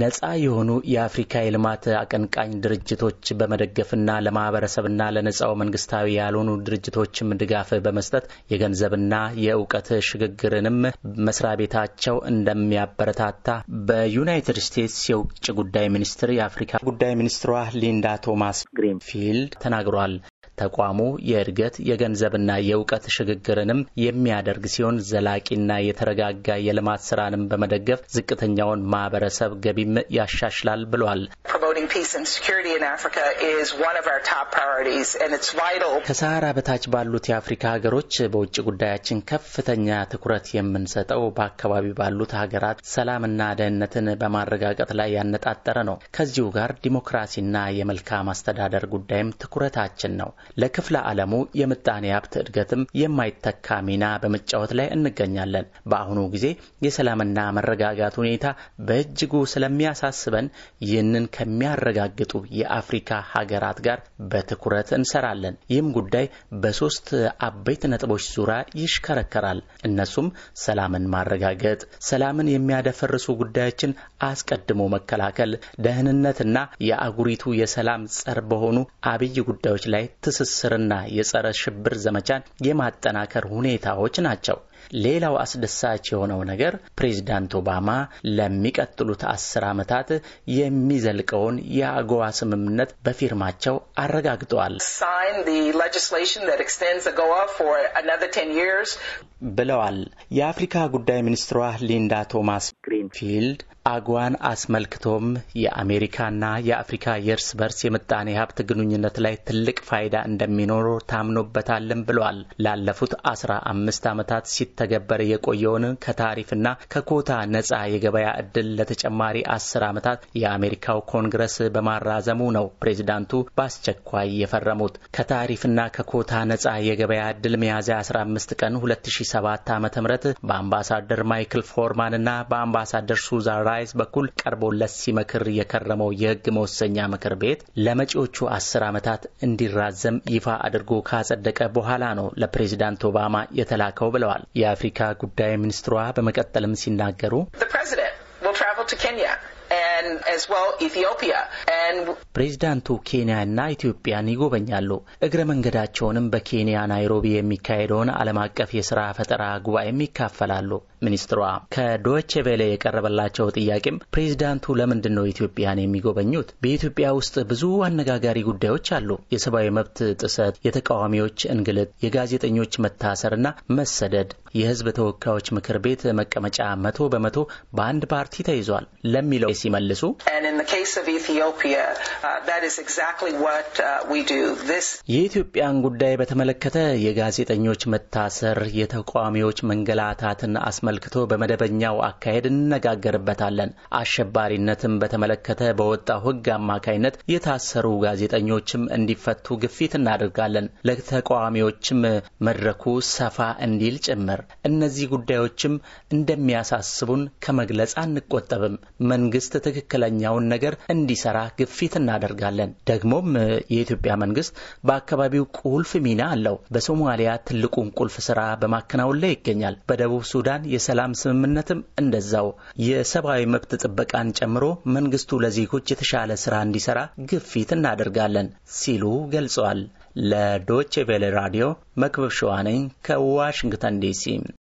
ነፃ የሆኑ የአፍሪካ የልማት አቀንቃኝ ድርጅቶች በመደገፍና ለማህበረሰብና ለነፃው መንግስታዊ ያልሆኑ ድርጅቶችም ድጋፍ በመስጠት የገንዘብና የእውቀት ሽግግርንም መስሪያ ቤታቸው እንደሚያበረታታ በዩናይትድ ስቴትስ የውጭ ጉዳይ ሚኒስትር የአፍሪካ ጉዳይ ሚኒስትሯ ሊንዳ ቶማስ ግሪንፊልድ ተናግሯል። ተቋሙ የእድገት የገንዘብና የእውቀት ሽግግርንም የሚያደርግ ሲሆን ዘላቂና የተረጋጋ የልማት ስራንም በመደገፍ ዝቅተኛውን ማህበረሰብ ገቢም ያሻሽላል ብሏል። building peace and security in Africa is one of our top priorities and it's vital. ከሰሃራ በታች ባሉት የአፍሪካ ሀገሮች በውጭ ጉዳያችን ከፍተኛ ትኩረት የምንሰጠው በአካባቢ ባሉት ሀገራት ሰላምና ደህንነትን በማረጋገጥ ላይ ያነጣጠረ ነው። ከዚሁ ጋር ዲሞክራሲና የመልካም አስተዳደር ጉዳይም ትኩረታችን ነው። ለክፍለ ዓለሙ የምጣኔ ሀብት እድገትም የማይተካ ሚና በመጫወት ላይ እንገኛለን። በአሁኑ ጊዜ የሰላምና መረጋጋት ሁኔታ በእጅጉ ስለሚያሳስበን ይህንን ከሚያ ከሚያረጋግጡ የአፍሪካ ሀገራት ጋር በትኩረት እንሰራለን። ይህም ጉዳይ በሶስት አበይት ነጥቦች ዙሪያ ይሽከረከራል። እነሱም ሰላምን ማረጋገጥ፣ ሰላምን የሚያደፈርሱ ጉዳዮችን አስቀድሞ መከላከል፣ ደህንነትና የአጉሪቱ የሰላም ጸር በሆኑ አብይ ጉዳዮች ላይ ትስስርና የጸረ ሽብር ዘመቻን የማጠናከር ሁኔታዎች ናቸው። ሌላው አስደሳች የሆነው ነገር ፕሬዚዳንት ኦባማ ለሚቀጥሉት አስር ዓመታት የሚዘልቀውን የአጎዋ ስምምነት በፊርማቸው አረጋግጠዋል ብለዋል። የአፍሪካ ጉዳይ ሚኒስትሯ ሊንዳ ቶማስ ፊልድ አጓን አስመልክቶም የአሜሪካና የአፍሪካ የእርስ በርስ የምጣኔ ሀብት ግንኙነት ላይ ትልቅ ፋይዳ እንደሚኖሩ ታምኖበታልም ብለዋል። ላለፉት አስራ አምስት ዓመታት ሲተገበር የቆየውን ከታሪፍና ከኮታ ነጻ የገበያ እድል ለተጨማሪ አስር ዓመታት የአሜሪካው ኮንግረስ በማራዘሙ ነው ፕሬዚዳንቱ በአስቸኳይ የፈረሙት። ከታሪፍና ከኮታ ነጻ የገበያ እድል ሚያዝያ 15 ቀን 2007 ዓ ም በአምባሳደር ማይክል ፎርማንና በአምባሳ በአምባሳደር ሱዛን ራይስ በኩል ቀርቦለት ሲመክር የከረመው የህግ መወሰኛ ምክር ቤት ለመጪዎቹ አስር ዓመታት እንዲራዘም ይፋ አድርጎ ካጸደቀ በኋላ ነው ለፕሬዚዳንት ኦባማ የተላከው ብለዋል። የአፍሪካ ጉዳይ ሚኒስትሯ በመቀጠልም ሲናገሩ ፕሬዚዳንቱ ኬንያና ኢትዮጵያን ይጎበኛሉ። እግረ መንገዳቸውንም በኬንያ ናይሮቢ የሚካሄደውን ዓለም አቀፍ የሥራ ፈጠራ ጉባኤም ይካፈላሉ። ሚኒስትሯ ከዶቼ ቬለ የቀረበላቸው ጥያቄም ፕሬዚዳንቱ ለምንድን ነው ኢትዮጵያን የሚጎበኙት? በኢትዮጵያ ውስጥ ብዙ አነጋጋሪ ጉዳዮች አሉ። የሰብአዊ መብት ጥሰት፣ የተቃዋሚዎች እንግልት፣ የጋዜጠኞች መታሰርና መሰደድ የህዝብ ተወካዮች ምክር ቤት መቀመጫ መቶ በመቶ በአንድ ፓርቲ ተይዟል ለሚለው ሲመልሱ uh, uh, የኢትዮጵያን ጉዳይ በተመለከተ የጋዜጠኞች መታሰር፣ የተቃዋሚዎች መንገላታትን አስመልክቶ በመደበኛው አካሄድ እንነጋገርበታለን። አሸባሪነትን በተመለከተ በወጣው ህግ አማካይነት የታሰሩ ጋዜጠኞችም እንዲፈቱ ግፊት እናደርጋለን። ለተቃዋሚዎችም መድረኩ ሰፋ እንዲል ጭምር እነዚህ ጉዳዮችም እንደሚያሳስቡን ከመግለጽ አንቆጠብም። መንግስት ትክክለኛውን ነገር እንዲሰራ ግፊት እናደርጋለን። ደግሞም የኢትዮጵያ መንግስት በአካባቢው ቁልፍ ሚና አለው። በሶማሊያ ትልቁን ቁልፍ ስራ በማከናወን ላይ ይገኛል። በደቡብ ሱዳን የሰላም ስምምነትም እንደዛው። የሰብአዊ መብት ጥበቃን ጨምሮ መንግስቱ ለዜጎች የተሻለ ስራ እንዲሰራ ግፊት እናደርጋለን ሲሉ ገልጸዋል። ለዶቼ ቬለ ራዲዮ መክበብ ሸዋነኝ ከዋሽንግተን ዲሲ